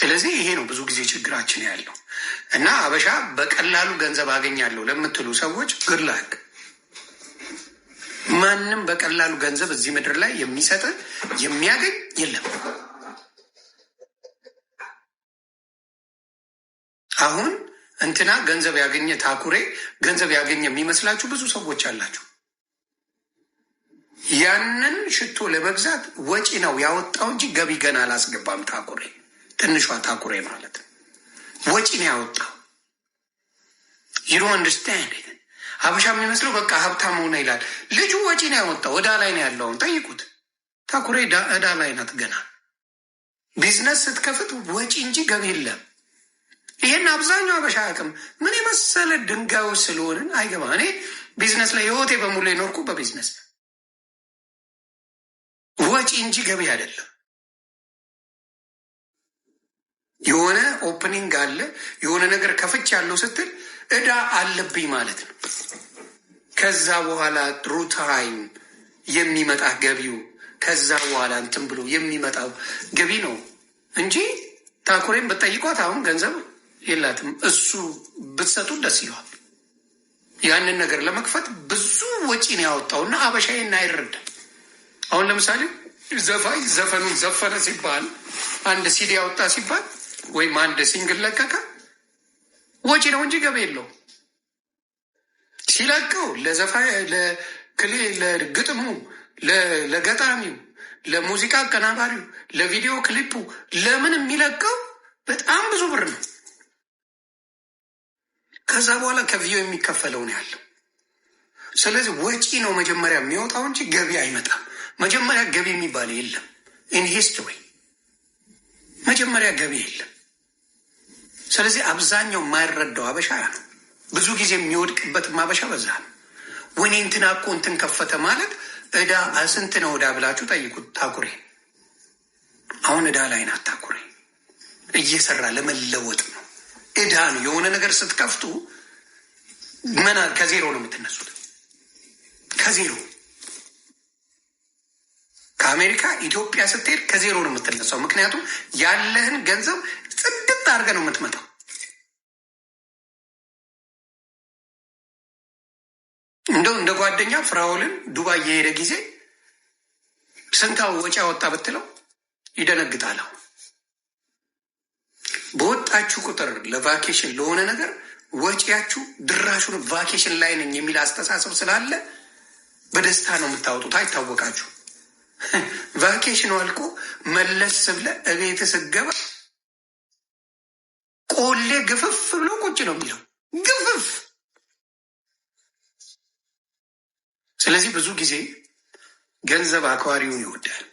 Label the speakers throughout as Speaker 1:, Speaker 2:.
Speaker 1: ስለዚህ ይሄ ነው ብዙ ጊዜ ችግራችን ያለው እና አበሻ በቀላሉ ገንዘብ አገኛለሁ ለምትሉ ሰዎች ግርላክ ማንም በቀላሉ ገንዘብ እዚህ ምድር ላይ የሚሰጥ የሚያገኝ የለም። አሁን እንትና ገንዘብ ያገኘ ታኩሬ ገንዘብ ያገኘ የሚመስላችሁ ብዙ ሰዎች አላችሁ። ያንን ሽቶ ለመግዛት ወጪ ነው ያወጣው እንጂ ገቢ ገና አላስገባም ታኩሬ ትንሿ ታኩሬ ማለት ነው። ወጪ ነው ያወጣው። ይሮ አንደርስታንድ ሀበሻ የሚመስለው በቃ ሀብታም ሆነ ይላል። ልጁ ወጪ ነው ያወጣው። እዳ ላይ ነው ያለውን ጠይቁት። ታኩሬ እዳ ላይ ናት ገና። ቢዝነስ ስትከፍት ወጪ እንጂ ገቢ የለም። ይህን አብዛኛው ሀበሻ አቅም ምን የመሰለ ድንጋዩ ስለሆንን አይገባ። እኔ ቢዝነስ ላይ ህይወቴ በሙሉ የኖርኩ በቢዝነስ ወጪ እንጂ ገቢ አይደለም። የሆነ ኦፕኒንግ አለ፣ የሆነ ነገር ከፍች ያለው ስትል እዳ አለብኝ ማለት ነው። ከዛ በኋላ ጥሩ ታይም የሚመጣ ገቢው ከዛ በኋላ እንትን ብሎ የሚመጣው ገቢ ነው እንጂ ታኩሬን ብትጠይቋት አሁን ገንዘብ የላትም። እሱ ብትሰጡ ደስ ይለዋል። ያንን ነገር ለመክፈት ብዙ ወጪ ነው ያወጣው እና አበሻዬን አይረዳም። አሁን ለምሳሌ ዘፋኝ ዘፈኑን ዘፈነ ሲባል አንድ ሲዲ ያወጣ ሲባል ወይም አንድ ሲንግል ለቀቀ፣ ወጪ ነው እንጂ ገቢ የለው። ሲለቀው ለዘፋ ለክሌ ለግጥሙ፣ ለገጣሚው፣ ለሙዚቃ አቀናባሪው፣ ለቪዲዮ ክሊፑ ለምን የሚለቀው በጣም ብዙ ብር ነው። ከዛ በኋላ ከቪዮ የሚከፈለው ነው ያለው። ስለዚህ ወጪ ነው መጀመሪያ የሚወጣው እንጂ ገቢ አይመጣም። መጀመሪያ ገቢ የሚባል የለም። ኢንሂስት ወይ መጀመሪያ ገቢ የለም። ስለዚህ አብዛኛው የማይረዳው አበሻ ብዙ ጊዜ የሚወድቅበትም አበሻ በዛ ወይኔ እንትን እኮ እንትን ከፈተ ማለት እዳ ስንት ነው እዳ ብላችሁ ጠይቁት። ታኩሬ አሁን እዳ ላይ ናት። ታኩሬ እየሰራ ለመለወጥ ነው። እዳ ነው የሆነ ነገር ስትከፍቱ መና ከዜሮ ነው የምትነሱት ከዜሮ ከአሜሪካ ኢትዮጵያ ስትሄድ ከዜሮ ነው የምትነሳው። ምክንያቱም ያለህን ገንዘብ ጽድት አድርገ ነው የምትመጣው። እንደው እንደ ጓደኛ ፍራውልን ዱባይ የሄደ ጊዜ ስንታው ወጪ አወጣ ብትለው ይደነግጣለሁ። በወጣችሁ ቁጥር ለቫኬሽን ለሆነ ነገር ወጪያችሁ ድራሹን ቫኬሽን ላይ ነኝ የሚል አስተሳሰብ ስላለ በደስታ ነው የምታወጡት። አይታወቃችሁ ቫኬሽን አልቆ መለስ ብለ እቤት ስገባ ቆሌ ግፍፍ ብሎ ቁጭ ነው የሚለው ግፍፍ። ስለዚህ ብዙ ጊዜ ገንዘብ አክባሪውን ይወዳል።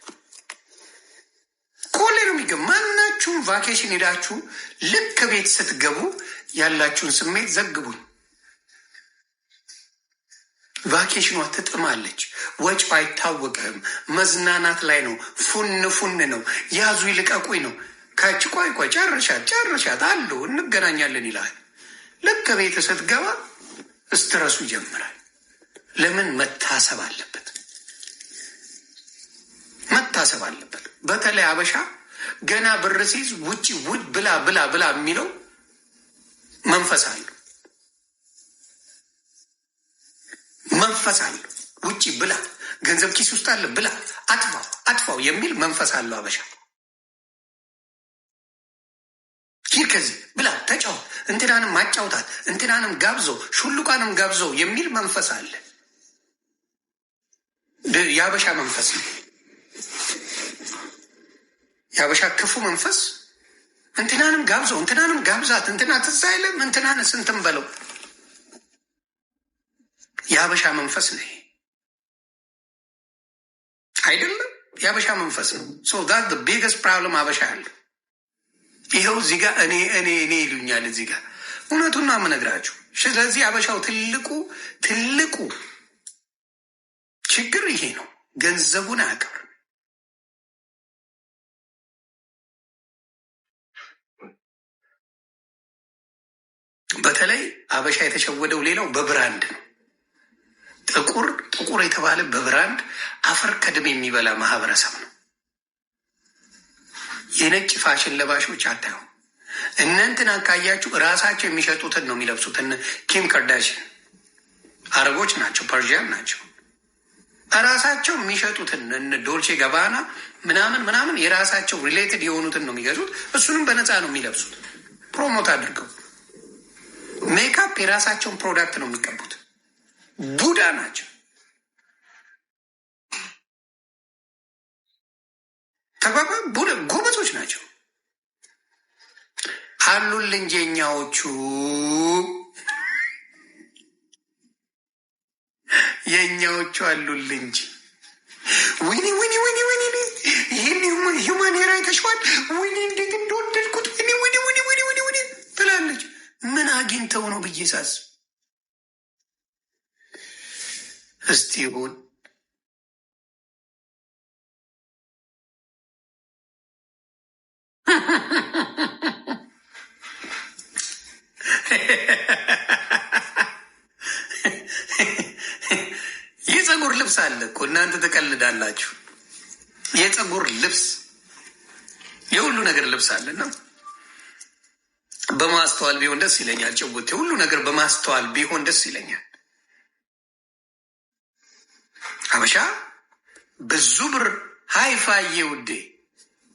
Speaker 1: ቆሌ ነው የሚገባ። ማናችሁም ቫኬሽን ሄዳችሁ ልክ ቤት ስትገቡ ያላችሁን ስሜት ዘግቡኝ። ቫኬሽኗ ትጥማለች። ወጪው አይታወቅህም። መዝናናት ላይ ነው። ፉን ፉን ነው። ያዙ ይልቀቁኝ ነው። ከች ቆይ ቆይ ጨርሻት ጨርሻት አሉ እንገናኛለን ይላል ልክ ቤት ስትገባ እስትረሱ ይጀምራል። ለምን መታሰብ አለበት? መታሰብ አለበት። በተለይ አበሻ ገና ብር ሲይዝ ውጭ ውድ ብላ ብላ ብላ የሚለው መንፈስ አለው። መንፈስ አለ። ውጪ ብላ፣ ገንዘብ ኪስ ውስጥ አለ ብላ፣ አጥፋው አጥፋው የሚል መንፈስ አለው አበሻ። ሂድ ከዚህ ብላ፣ ተጫወት፣ እንትናንም ማጫውታት፣ እንትናንም ጋብዞ፣ ሹሉቃንም ጋብዞ የሚል መንፈስ አለ። የአበሻ መንፈስ ነው። የአበሻ ክፉ መንፈስ እንትናንም ጋብዞ፣ እንትናንም ጋብዛት፣ እንትና ትዛ አይልም፣ እንትናን ስንትን በለው የአበሻ መንፈስ ነው ይሄ አይደለም። የአበሻ መንፈስ ነው። ሶ ዛት ቢገስ ፕሮብለም አበሻ አለ። ይኸው እዚህ ጋር እኔ እኔ እኔ ይሉኛል እዚህ ጋር እውነቱን የምነግራችሁ። ስለዚህ አበሻው ትልቁ ትልቁ ችግር ይሄ ነው። ገንዘቡን አያከብርም። በተለይ አበሻ የተሸወደው ሌላው በብራንድ ነው። ጥቁር ጥቁር የተባለ በብራንድ አፈር ከደም የሚበላ ማህበረሰብ ነው። የነጭ ፋሽን ለባሾች አታዩ። እነንትን አካያችሁ ራሳቸው የሚሸጡትን ነው የሚለብሱት። ኪም ከርዳሽን አረቦች ናቸው፣ ፐርዥያን ናቸው። ራሳቸው የሚሸጡትን ዶልቼ ገባና ምናምን ምናምን የራሳቸው ሪሌትድ የሆኑትን ነው የሚገዙት። እሱንም በነፃ ነው የሚለብሱት ፕሮሞት አድርገው። ሜካፕ የራሳቸውን ፕሮዳክት ነው የሚቀቡት። ቡዳ ናቸው። ተግባባ ቡዳ ጎበዞች ናቸው። አሉል እንጂ የእኛዎቹ የእኛዎቹ አሉል እንጂ ወይኔ ወይኔ ወይኔ ወይኔ ይህን ሂውማን ሄራ ተሸዋል። ወይኔ እንዴት እንደወደድኩት ወይኔ ወይኔ ወይኔ ወይኔ ትላለች። ምን አግኝተው ነው ብዬ ሳስብ እስቲ ይሁን የፀጉር ልብስ አለ እኮ እናንተ ትቀልዳላችሁ። የፀጉር ልብስ የሁሉ ነገር ልብስ አለና በማስተዋል ቢሆን ደስ ይለኛል። ጭቡቴ ሁሉ ነገር በማስተዋል ቢሆን ደስ ይለኛል። ማምሻ ብዙ ብር ሀይፋዬ ውዴ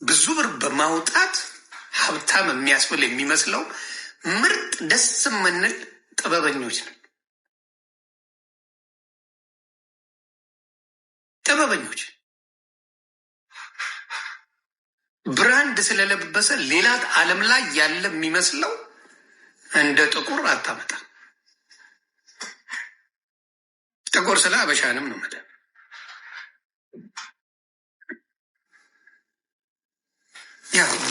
Speaker 1: ብዙ ብር በማውጣት ሀብታም የሚያስብል የሚመስለው ምርጥ ደስ የምንል ጥበበኞች ነን። ጥበበኞች ብራንድ ስለለበሰ ሌላ ዓለም ላይ ያለ የሚመስለው እንደ ጥቁር አታመጣም። ጥቁር ስለ አበሻንም ነው መደብ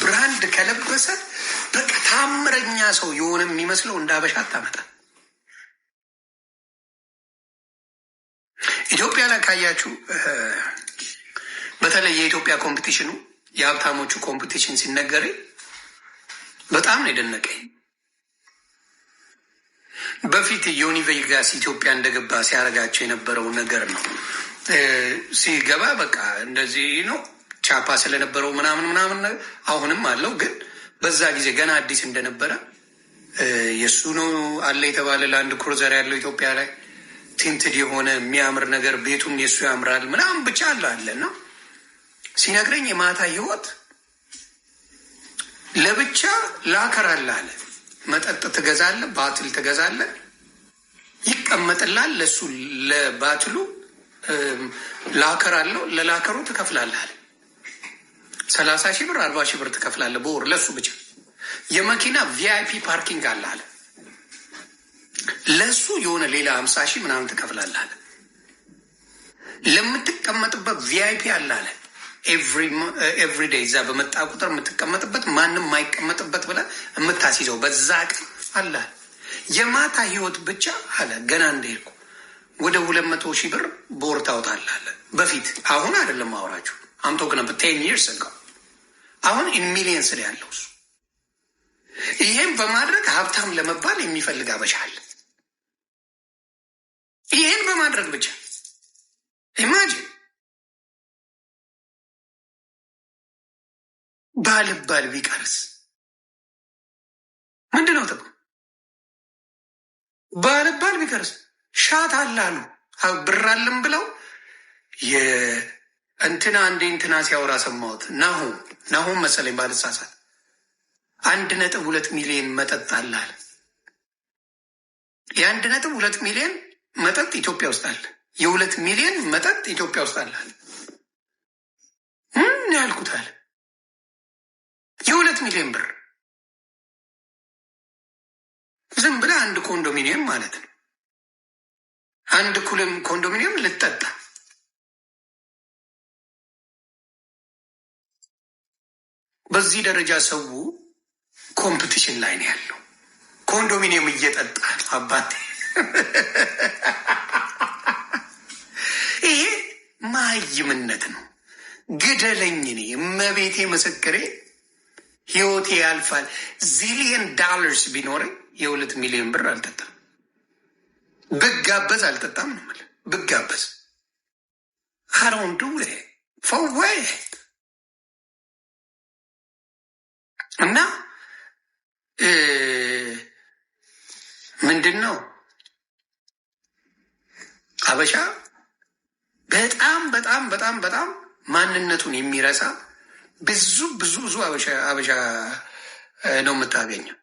Speaker 1: ብራንድ ከለበሰ በቃ ታምረኛ ሰው የሆነ የሚመስለው እንደ አበሻ አታመጣ። ኢትዮጵያ ላይ ካያችሁ በተለይ የኢትዮጵያ ኮምፒቲሽኑ የሀብታሞቹ ኮምፒቲሽን ሲነገረኝ በጣም ነው የደነቀኝ። በፊት ዮኒ ቬጋስ ኢትዮጵያ እንደገባ ሲያደርጋቸው የነበረው ነገር ነው። ሲገባ በቃ እንደዚህ ነው ቻፓ ስለነበረው ምናምን ምናምን አሁንም አለው። ግን በዛ ጊዜ ገና አዲስ እንደነበረ የእሱ ነው አለ የተባለ ለአንድ ክሩዘር ያለው ኢትዮጵያ ላይ ቲንትድ የሆነ የሚያምር ነገር ቤቱም የእሱ ያምራል ምናምን ብቻ አለ አለ አለና ሲነግረኝ የማታ ህይወት ለብቻ ላከር አለ አለ። መጠጥ ትገዛለ፣ ባትል ትገዛለ፣ ይቀመጥላል። ለእሱ ለባትሉ ላከር አለው፣ ለላከሩ ትከፍላለህ አለ። ሰላሳ ሺህ ብር አርባ ሺህ ብር ትከፍላለህ በወር ለሱ ብቻ። የመኪና ቪአይፒ ፓርኪንግ አለ አለ ለሱ የሆነ ሌላ ሀምሳ ሺህ ምናምን ትከፍላለህ አለ። ለምትቀመጥበት ቪአይፒ አለ አለ ኤቭሪ ዴይ እዛ በመጣ ቁጥር የምትቀመጥበት ማንም ማይቀመጥበት ብለ የምታስይዘው በዛ ቀን አለ። የማታ ህይወት ብቻ አለ ገና እንደሄድኩ ወደ ሁለት መቶ ሺህ ብር በወር ታወጣለህ አለ። በፊት አሁን አይደለም አውራችሁ አምቶ ቴን ይርስ አሁን ኢንሚሊየንስ ነው ያለው እሱ። ይሄም በማድረግ ሀብታም ለመባል የሚፈልግ አበሻ አለ። ይሄን በማድረግ ብቻ ኢማጂን ባልባል ቢቀርስ ምንድን ነው ጥቅም? ባልባል ቢቀርስ ሻት አላሉ ብራልም ብለው እንትና አንዴ እንትና ሲያወራ ሰማሁት። ናሁ ናሁም መሰለኝ ባልሳሳት አንድ ነጥብ ሁለት ሚሊዮን መጠጥ አላል። የአንድ ነጥብ ሁለት ሚሊዮን መጠጥ ኢትዮጵያ ውስጥ አለ። የሁለት ሚሊዮን መጠጥ ኢትዮጵያ ውስጥ አላል። ምን ያልኩታል? የሁለት ሚሊዮን ብር ዝም ብለህ አንድ ኮንዶሚኒየም ማለት ነው። አንድ ኩልም ኮንዶሚኒየም ልጠጣ በዚህ ደረጃ ሰው ኮምፕቲሽን ላይ ነው ያለው። ኮንዶሚኒየም እየጠጣ አባቴ፣ ይሄ ማይምነት ነው። ግደለኝ፣ እኔ እመቤቴ ምስክሬ፣ ህይወቴ ያልፋል። ዚሊየን ዳለርስ ቢኖረኝ የሁለት ሚሊዮን ብር አልጠጣም። ብጋበዝ አልጠጣም ነው ብጋበዝ አረውንዱ ፎ እና ምንድን ነው አበሻ በጣም በጣም በጣም በጣም ማንነቱን የሚረሳ ብዙ ብዙ ብዙ አበሻ ነው የምታገኘው።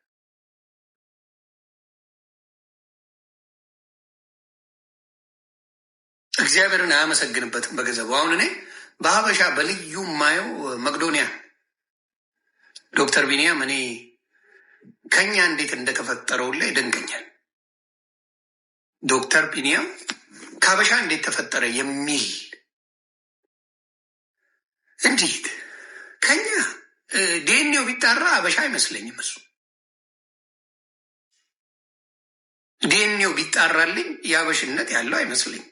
Speaker 1: እግዚአብሔርን አያመሰግንበትም በገንዘቡ። አሁን እኔ በሀበሻ በልዩ ማየው መቅዶኒያ ዶክተር ቢንያም እኔ ከኛ እንዴት እንደተፈጠረው ላይ ይደንቀኛል። ዶክተር ቢንያም ከሀበሻ እንዴት ተፈጠረ የሚል እንዴት ከኛ ዲኤንኤው ቢጣራ ሀበሻ አይመስለኝም። እሱ ዲኤንኤው ቢጣራልኝ የአበሽነት ያለው አይመስለኝም።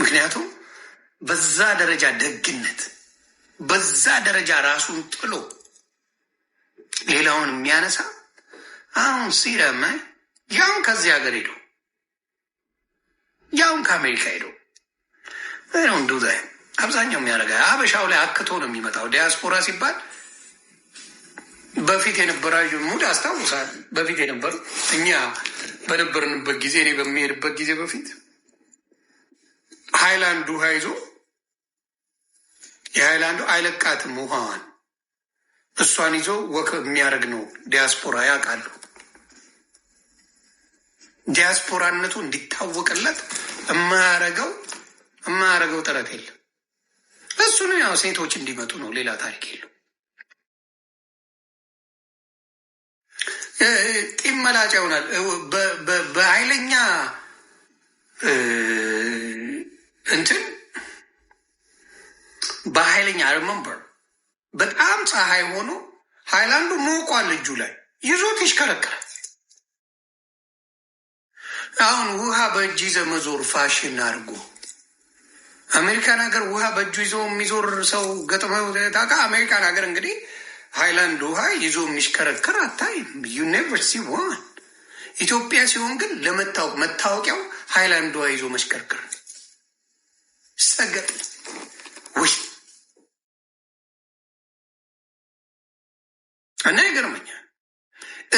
Speaker 1: ምክንያቱም በዛ ደረጃ ደግነት፣ በዛ ደረጃ ራሱን ጥሎ ሌላውን የሚያነሳ አሁን ሲረመ ያውን ከዚህ ሀገር ሄዶ ያውን ከአሜሪካ ሄዶ ነው እንዱ አብዛኛው የሚያደርገ አበሻው ላይ አክቶ ነው የሚመጣው። ዲያስፖራ ሲባል በፊት የነበራዩ ሙድ አስታውሳል። በፊት የነበሩ እኛ በነበርንበት ጊዜ እኔ በሚሄድበት ጊዜ በፊት ሃይላንድ ውሃ ይዞ የሃይላንዱ አይለቃትም ውሃዋን እሷን ይዞ ወክ የሚያደርግ ነው። ዲያስፖራ ያውቃሉ። ዲያስፖራነቱ እንዲታወቅለት የማያረገው የማያረገው ጥረት የለም። እሱንም ያው ሴቶች እንዲመጡ ነው። ሌላ ታሪክ የለው። ጢም መላጫ ይሆናል። በኃይለኛ እንትን በኃይለኛ አይ ሪመምበር በጣም ፀሐይ ሆኖ ሃይላንዱ ሞቋል እጁ ላይ ይዞት ይሽከረከራል። አሁን ውሃ በእጅ ይዘ መዞር ፋሽን አድርጎ አሜሪካን ሀገር ውሃ በእጁ ይዞ የሚዞር ሰው ገጥመው ታውቃ። አሜሪካን ሀገር እንግዲህ ሃይላንድ ውሃ ይዞ የሚሽከረከር አታይም። ዩኒቨርሲቲ ዋን ኢትዮጵያ ሲሆን ግን ለመታወቅ መታወቂያው ሃይላንድ ውሃ ይዞ መሽከርከር ሰገጥ ውስጥ እና ይገርመኛል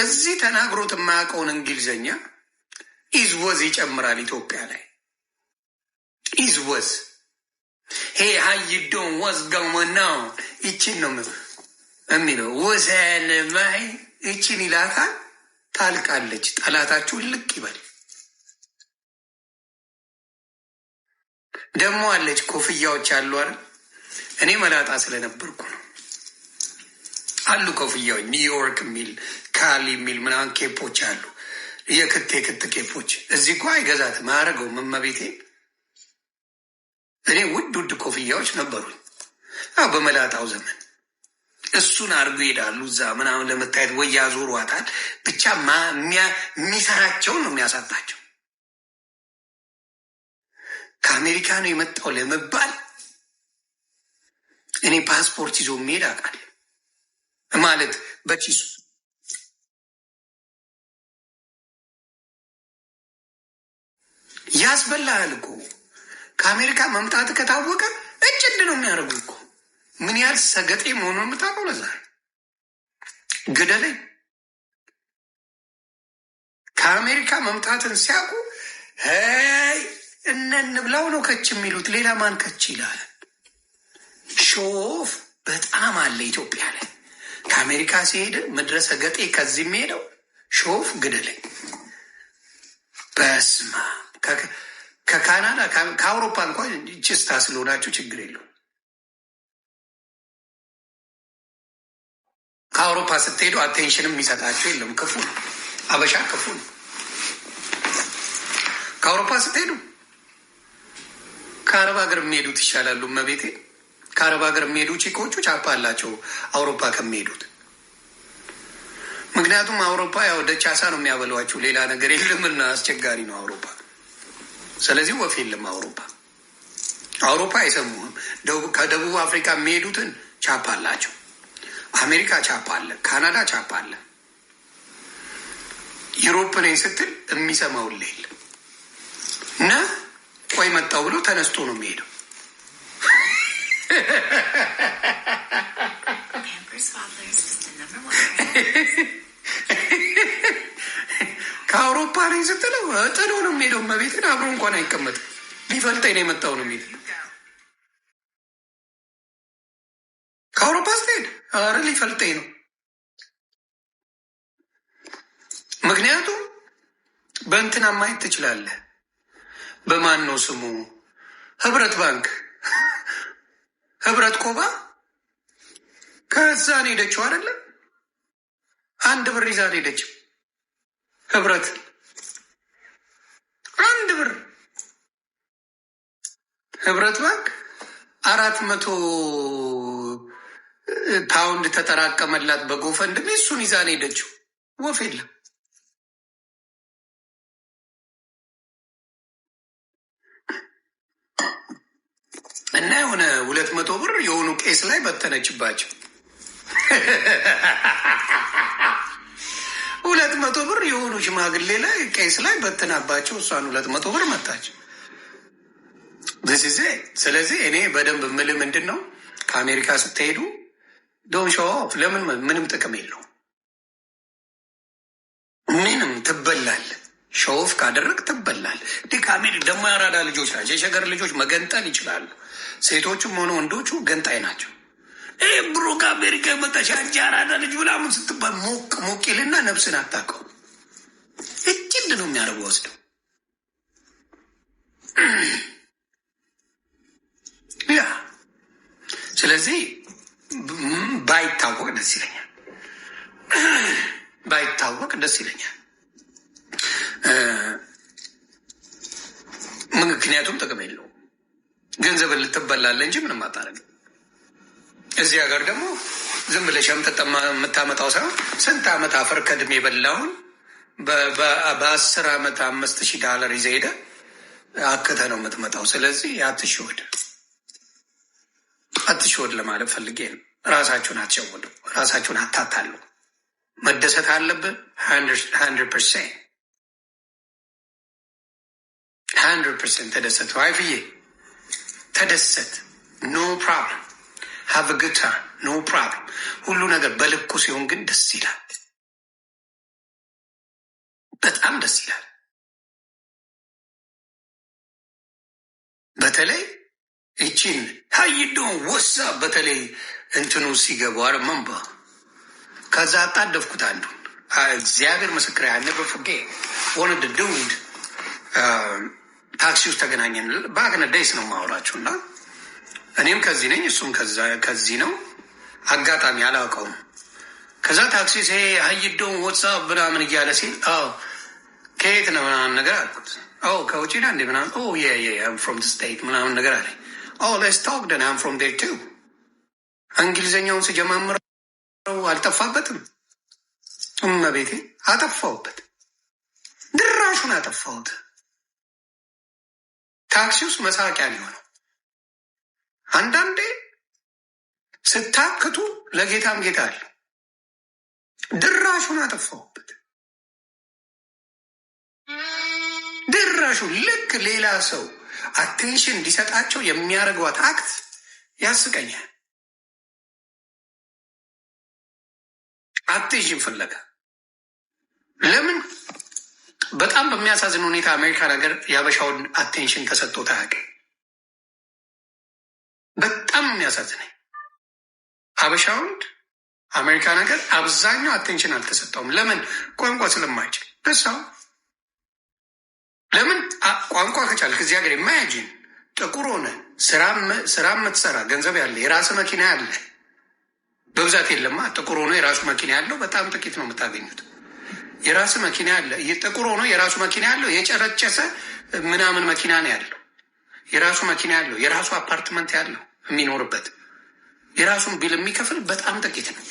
Speaker 1: እዚህ ተናግሮት የማያውቀውን እንግሊዝኛ ኢዝወዝ ይጨምራል ኢትዮጵያ ላይ ኢዝወዝ ሄ ሀይዶን ወዝ ገመናው ይችን ነው የሚለው ማይ ይችን ይላታል። ታልቃለች። ጠላታችሁ ልቅ ይበል። ደግሞ አለች ኮፍያዎች አሉ አይደል? እኔ መላጣ ስለነበርኩ ነው። አሉ ኮፍያዎች፣ ኒውዮርክ የሚል ካሊ የሚል ምናምን ኬፖች አሉ። የክት የክት ኬፖች እዚህ እኮ አይገዛትም አያደርገው መመቤቴ። እኔ ውድ ውድ ኮፍያዎች ነበሩኝ በመላጣው ዘመን። እሱን አድርጎ ይሄዳሉ እዛ ምናምን ለመታየት ወይ ያዞሯታል። ብቻ የሚሰራቸውን ነው የሚያሳጣቸው። ከአሜሪካ ነው የመጣው ለመባል እኔ ፓስፖርት ይዞ የሚሄድ አውቃለሁ። ማለት በኪሱ ያስበላሃል እኮ ከአሜሪካ መምጣት ከታወቀ እንድ ነው የሚያደርጉ እኮ ምን ያህል ሰገጤ መሆኑ የምታውቀው ለዛ ግደለኝ። ከአሜሪካ መምጣትን ሲያውቁ ይ እነን ብላው ነው ከች የሚሉት። ሌላ ማን ከች ይላል? ሾፍ በጣም አለ ኢትዮጵያ ላይ። ከአሜሪካ ሲሄድ መድረሰ ገጤ ከዚህ የሚሄደው ሾፍ ግደለኝ። በስማ ከካናዳ ከአውሮፓ እንኳን ችስታ ስለሆናቸው ችግር የለውም። ከአውሮፓ ስትሄዱ አቴንሽንም የሚሰጣቸው የለም። ክፉ ነው፣ አበሻ ክፉ ነው። ከአውሮፓ ስትሄዱ ከአረብ ሀገር የሚሄዱት ይሻላሉ። መቤቴ ከአረብ ሀገር የሚሄዱ ቺኮቹ ቻፓ አላቸው አውሮፓ ከሚሄዱት። ምክንያቱም አውሮፓ ያው ደቻሳ ነው የሚያበሏቸው፣ ሌላ ነገር የለምና አስቸጋሪ ነው አውሮፓ። ስለዚህ ወፍ የለም አውሮፓ። አውሮፓ አይሰሙህም። ከደቡብ አፍሪካ የሚሄዱትን ቻፓ አላቸው። አሜሪካ ቻፓ አለ፣ ካናዳ ቻፓ አለ። ዩሮፕ ነኝ ስትል የሚሰማውን ሌል እና ቆይ መጣው ብሎ ተነስቶ ነው የሚሄደው። ከአውሮፓ ነኝ ስትለው ጥሎ ነው የሚሄደው። መቤትን አብሮ እንኳን አይቀመጥም። ሊፈልጠኝ ነው የመጣው ነው የሚል ከአውሮፓ ስትሄድ፣ ኧረ ሊፈልጠኝ ነው። ምክንያቱም በእንትን ማየት ትችላለህ። በማን ነው ስሙ ህብረት ባንክ ህብረት ቆባ ከዛን ሄደችው አይደለም። አንድ ብር ይዛ ሄደች ህብረት አንድ ብር ህብረት ባንክ አራት መቶ ፓውንድ ተጠራቀመላት በጎፈንድሜ እሱን ይዛን ሄደችው። ወፍ የለም። ብር የሆኑ ቄስ ላይ በተነችባቸው። ሁለት መቶ ብር የሆኑ ሽማግሌ ላይ ቄስ ላይ በትናባቸው እሷን ሁለት መቶ ብር መታች። ዚዜ ስለዚህ እኔ በደንብ ምል ምንድን ነው ከአሜሪካ ስትሄዱ ዶን ሾ ለምን ምንም ጥቅም የለው ምንም ትበላል ሸውፍ ካደረግ ትበላል። ድካሜ ደግሞ ያራዳ ልጆች ናቸው። የሸገር ልጆች መገንጠል ይችላሉ። ሴቶችም ሆነ ወንዶቹ ገንጣይ ናቸው። ይህ ብሩክ ከአሜሪካ የመጣሽ አንቺ አራዳ ልጅ ምናምን ስትባል ሞቅ ሞቅ ይልና ነብስን አታውቀው። እጅል ነው የሚያደርጉ ወስደው ያ ስለዚህ ባይታወቅ ደስ ይለኛል። ባይታወቅ ደስ ይለኛል። ምክንያቱም ጥቅም የለው ገንዘብን ልትበላለ እንጂ ምንም አታደርግም። እዚህ ሀገር ደግሞ ዝም ብለሽ የምታመጣው ሳይሆን ስንት ዓመት አፈር ከድሜ የበላውን በአስር ዓመት አምስት ሺህ ዳለር ይዘህ ሄደህ አክተህ ነው የምትመጣው። ስለዚህ አትሽወድ አትሽወድ ለማለት ፈልጌ ነው። ራሳችሁን አትሸወዱ፣ ራሳችሁን አታታሉ። መደሰት አለብን ሀንድርድ ፐርሰንት ሀንድረድ ፐርሰንት ተደሰት። ዋይፍዬ ተደሰት፣ ኖ ፕሮብለም ሀቭ ግታ ኖ ፕሮብለም። ሁሉ ነገር በልኩ ሲሆን ግን ደስ ይላል፣ በጣም ደስ ይላል። በተለይ ይቺን ሀይዶ ወሳ በተለይ እንትኑ ሲገቡ አረመንባ ከዛ አጣደፍኩት አንዱን እግዚአብሔር ምስክር ያለ በፍቄ ወንድ ድውድ ታክሲ ውስጥ ተገናኘን። ባክነ ደይስ ነው ማወራችሁ እና እኔም ከዚህ ነኝ እሱም ከዚህ ነው። አጋጣሚ አላውቀውም። ከዛ ታክሲ ሴ ሀይደውን ወትሳፕ ምናምን እያለ ሲል oh, ከየት ነው ምናምን ነገር አልኩት። oh, ከውጭ ና እንዴ ምናምን ፍሮም oh, ስቴት ምናምን ነገር አለ ስ ታክ ደን አም ፍሮም ዴር ቱ እንግሊዘኛውን ስጀማምረው አልጠፋበትም። እመቤቴ አጠፋውበት፣ ድራሹን አጠፋውት። ታክሲ ውስጥ መሳቂያ ሊሆነው አንዳንዴ ስታክቱ ለጌታም ጌታ አለ። ድራሹን አጠፋሁበት። ድራሹ ልክ ሌላ ሰው አቴንሽን እንዲሰጣቸው የሚያደርገዋት አክት ያስቀኛል። አቴንሽን ፍለጋ ለምን በጣም በሚያሳዝን ሁኔታ አሜሪካን ሀገር የአበሻውን አቴንሽን ተሰጥቶት አያውቅም። በጣም የሚያሳዝነኝ ሀበሻውን አሜሪካን ሀገር አብዛኛው አቴንሽን አልተሰጠውም። ለምን? ቋንቋ ስለማይችል በሳው ለምን ቋንቋ ከቻል ከዚህ ሀገር የማያጅን ጥቁር ሆነ ስራ የምትሰራ ገንዘብ ያለ የራስ መኪና ያለ በብዛት የለማ። ጥቁር ሆኖ የራሱ መኪና ያለው በጣም ጥቂት ነው የምታገኙት። የራስ መኪና ያለ ጥቁር ሆኖ የራሱ መኪና ያለው የጨረጨሰ ምናምን መኪና ነው ያለው። የራሱ መኪና ያለው የራሱ አፓርትመንት ያለው የሚኖርበት የራሱን ቢል የሚከፍል በጣም ጥቂት ነው።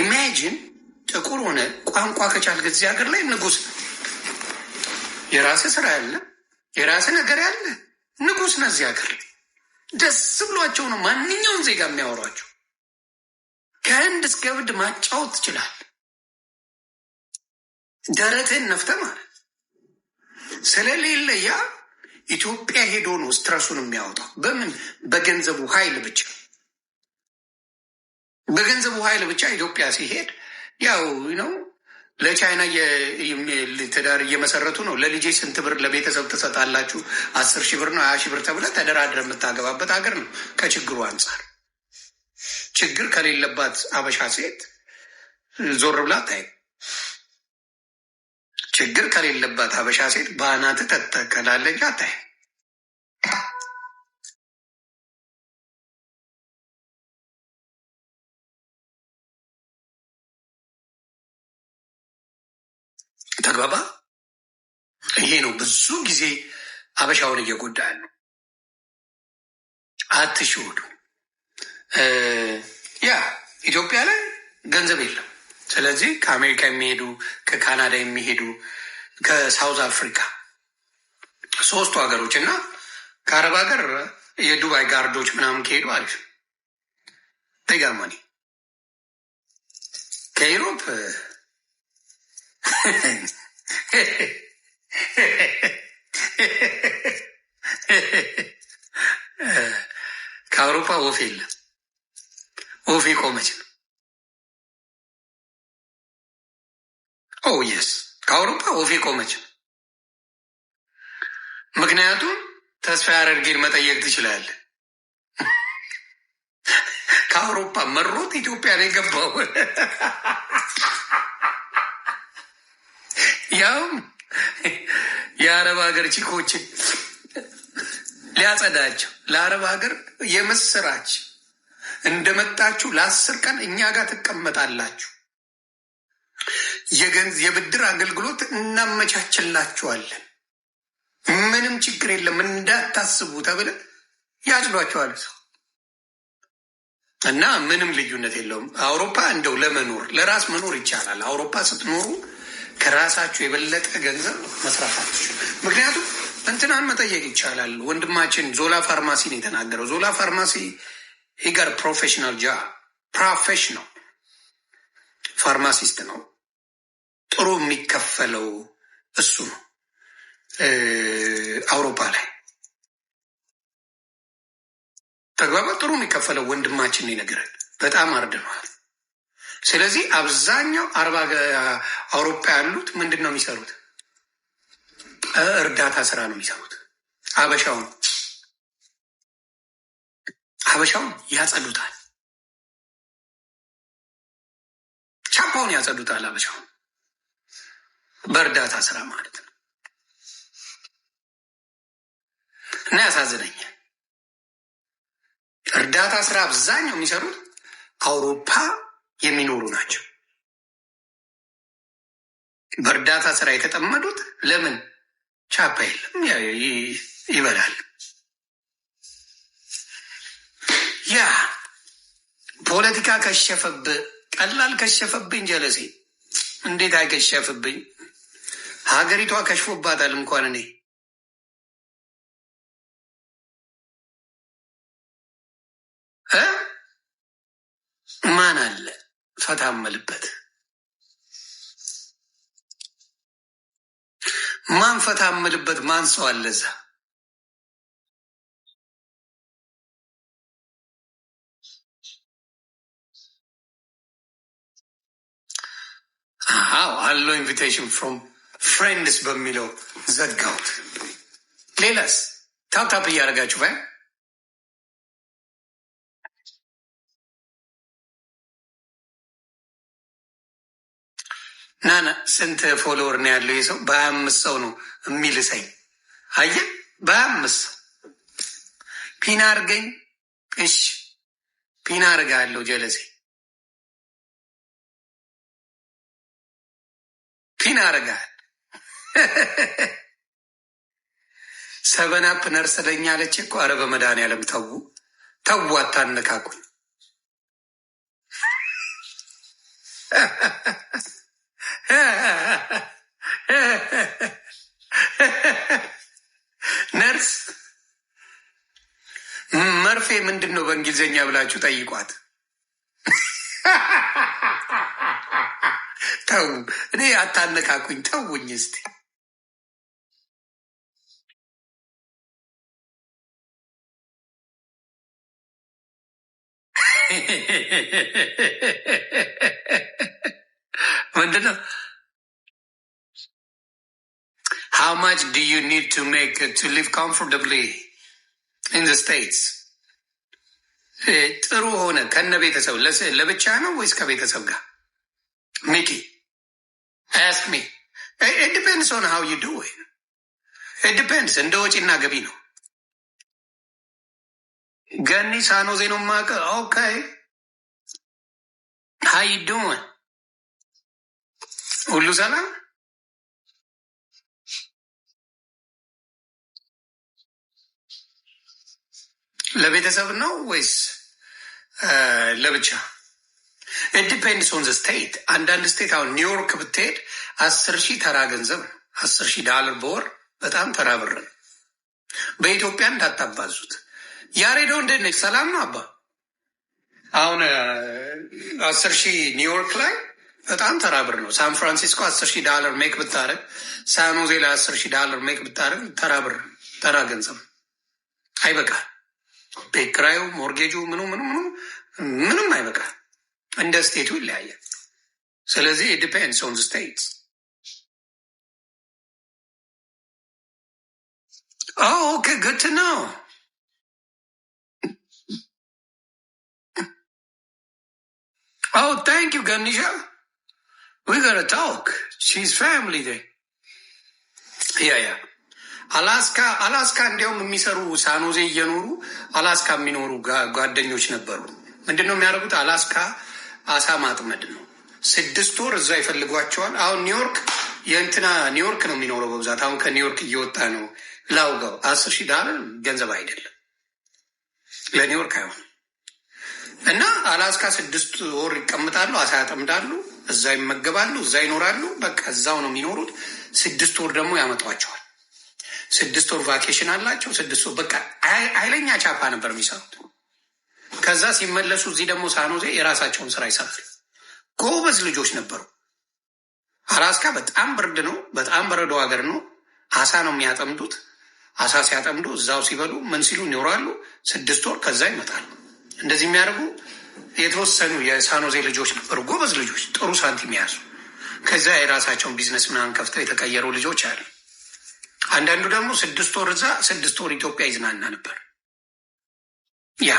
Speaker 1: ኢማጂን ጥቁር ሆነ ቋንቋ ከቻል ጊዜ ሀገር ላይ ንጉስ ነው። የራስ ስራ ያለ የራስ ነገር ያለ ንጉስ ነው። እዚህ ሀገር ደስ ብሏቸው ነው ማንኛውም ዜጋ የሚያወሯቸው። ከህንድ እስከ ብድ ማጫወት ትችላል። ደረትህን ነፍተ ማለት ስለሌለ ያ ኢትዮጵያ ሄዶ ነው ስትረሱን የሚያወጣው። በምን በገንዘቡ ኃይል ብቻ በገንዘቡ ኃይል ብቻ ኢትዮጵያ ሲሄድ ያው ነው ለቻይና ትዳር እየመሰረቱ ነው። ለልጄ ስንት ብር ለቤተሰብ ትሰጣላችሁ? አስር ሺህ ብር ነው ሀያ ሺህ ብር ተብለ ተደራድረ የምታገባበት ሀገር ነው። ከችግሩ አንጻር ችግር ከሌለባት አበሻ ሴት ዞር ብላ ታይ። ችግር ከሌለባት ሀበሻ ሴት በአናት ተተከላለች። አታይ። ተግባባ። ይሄ ነው ብዙ ጊዜ ሀበሻውን እየጎዳ ያለው። አትሽወዱ። ያ ኢትዮጵያ ላይ ገንዘብ የለም ስለዚህ ከአሜሪካ የሚሄዱ ከካናዳ የሚሄዱ ከሳውዝ አፍሪካ ሶስቱ ሀገሮች እና ከአረብ ሀገር የዱባይ ጋርዶች ምናምን ከሄዱ አሪፍ ተጋማኒ ከዩሮፕ ከአውሮፓ ወፍ የለም። ወፍ የቆመች ኦ oh, የስ ከአውሮፓ ወፍ የቆመች ምክንያቱም ተስፋ ያደርጌን መጠየቅ ትችላለ ከአውሮፓ መሮት ኢትዮጵያ ነው የገባው። ያውም የአረብ ሀገር ቺኮችን ሊያጸዳቸው ለአረብ ሀገር የምስራች እንደመጣችሁ ለአስር ቀን እኛ ጋር ትቀመጣላችሁ የብድር አገልግሎት እናመቻችላችኋለን፣ ምንም ችግር የለም እንዳታስቡ ተብለን ያጭሏቸዋል ሰው እና ምንም ልዩነት የለውም። አውሮፓ እንደው ለመኖር ለራስ መኖር ይቻላል። አውሮፓ ስትኖሩ ከራሳችሁ የበለጠ ገንዘብ መስራት ምክንያቱም እንትናን መጠየቅ ይቻላል። ወንድማችን ዞላ ፋርማሲ ነው የተናገረው። ዞላ ፋርማሲ ሂገር ፕሮፌሽናል ጃ ፕሮፌሽናል ፋርማሲስት ነው። ጥሩ የሚከፈለው እሱ ነው። አውሮፓ ላይ ተግባባ ጥሩ የሚከፈለው ወንድማችን ይነግራል። በጣም አርድነዋል። ስለዚህ አብዛኛው አርባ አውሮፓ ያሉት ምንድን ነው የሚሰሩት? እርዳታ ስራ ነው የሚሰሩት። አበሻውን አበሻውን ያጸዱታል፣ ቻፓውን ያጸዱታል። አበሻውን በእርዳታ ስራ ማለት ነው እና ያሳዝነኛል። እርዳታ ስራ አብዛኛው የሚሰሩት አውሮፓ የሚኖሩ ናቸው። በእርዳታ ስራ የተጠመዱት ለምን ቻፓ የለም ይበላል። ያ ፖለቲካ ከሸፈብ ቀላል ከሸፈብኝ ጀለሴ እንዴት አይከሸፍብኝ? ሀገሪቷ ከሽፎባታል እንኳን እኔ ማን አለ ፈታ መልበት ማን ፈታ ማን ሰው አለ እዛ አለው ኢንቪቴሽን ፍሮም ፍሬንድስ በሚለው ዘጋውት። ሌላስ ታፕታፕ እያደረጋችሁ ባይ ናና ስንት ፎሎወር ነው ያለው ይህ ሰው? በሀያ አምስት ሰው ነው የሚል ሰኝ አየ በሀያ አምስት ሰው ፒን አርገኝ። እሺ ፒን አርጋ ያለው ጀለሴ ፕሮቲን አድርጋል። ሰበናፕ ነርስ ለኛ አለች እኮ። አረ በመድኃኒዓለም ተዉ ተዉ፣ አታነካኩኝ። ነርስ መርፌ ምንድን ነው በእንግሊዝኛ ብላችሁ ጠይቋት። ተው፣ እኔ አታነካኩኝ፣ ተውኝ እስቲ። ምንድነው? how much do you need to make to live comfortably in the states? ጥሩ ሆነ ከነ ቤተሰብ ለብቻ ነው ወይስ ከቤተሰብ ጋር ሚኪ? አስክ ሚ ኢት ኦን ሃው ዩ ዱ ኢት እንደ ወጪና ገቢ ነው። ገኒ ሳኖዜ ነው ማቀ ኦኬ ሃው ዱን ሁሉ ሰላም ለቤተሰብ ነው ወይስ uh, ለብቻ? ዲፔንድስ ኦን ስቴት። አንዳንድ ስቴት አሁን ኒውዮርክ ብትሄድ አስር ሺህ ተራ ገንዘብ ነው። አስር ሺህ ዳለር በወር በጣም ተራ ብር ነው። በኢትዮጵያ እንዳታባዙት። ያሬደው እንዴት ነች? ሰላም ነው አባ። አሁን አስር ሺህ ኒውዮርክ ላይ በጣም ተራ ብር ነው። ሳን ፍራንሲስኮ አስር ሺህ ዳለር ሜክ ብታደረግ፣ ሳኖዜ ላይ አስር ሺህ ዳለር ሜክ ብታደረግ ተራ ብር ተራ ገንዘብ አይበቃል። ቤት ኪራዩ፣ ሞርጌጁ ምኑ ምኑ ምኑ ምንም አይበቃል። እንደ ስቴቱ ይለያያል። ስለዚህ ዲፔንድስ ኦን ስቴትስ። ኦኬ ግት ነው። ኦ ታንክ ዩ ገኒሻ ዊ ገነ ታውክ ሺዝ ፋሚሊ ዴይ ያ ያ አላስካ አላስካ እንዲያውም የሚሰሩ ሳኖዜ እየኖሩ አላስካ የሚኖሩ ጓደኞች ነበሩ። ምንድን ነው የሚያደርጉት አላስካ አሳ ማጥመድ ነው። ስድስት ወር እዛ ይፈልጓቸዋል። አሁን ኒውዮርክ የእንትና ኒውዮርክ ነው የሚኖረው በብዛት አሁን ከኒውዮርክ እየወጣ ነው። ላውጋው አስር ሺህ ዳር ገንዘብ አይደለም ለኒውዮርክ አይሆንም። እና አላስካ ስድስት ወር ይቀምጣሉ፣ አሳ ያጠምዳሉ፣ እዛ ይመገባሉ፣ እዛ ይኖራሉ። በቃ እዛው ነው የሚኖሩት። ስድስት ወር ደግሞ ያመጧቸዋል። ስድስት ወር ቫኬሽን አላቸው። ስድስት ወር በቃ ኃይለኛ ቻፓ ነበር የሚሰሩት። ከዛ ሲመለሱ እዚህ ደግሞ ሳኖዜ የራሳቸውን ስራ ይሰራል። ጎበዝ ልጆች ነበሩ። አላስካ በጣም ብርድ ነው። በጣም በረዶ ሀገር ነው። አሳ ነው የሚያጠምዱት። አሳ ሲያጠምዱ እዛው ሲበሉ ምን ሲሉ ይኖራሉ። ስድስት ወር ከዛ ይመጣሉ። እንደዚህ የሚያደርጉ የተወሰኑ የሳኖዜ ልጆች ነበሩ። ጎበዝ ልጆች፣ ጥሩ ሳንቲም የያዙ ከዛ የራሳቸውን ቢዝነስ ምናምን ከፍተው የተቀየሩ ልጆች አሉ። አንዳንዱ ደግሞ ስድስት ወር እዛ ስድስት ወር ኢትዮጵያ ይዝናና ነበር ያ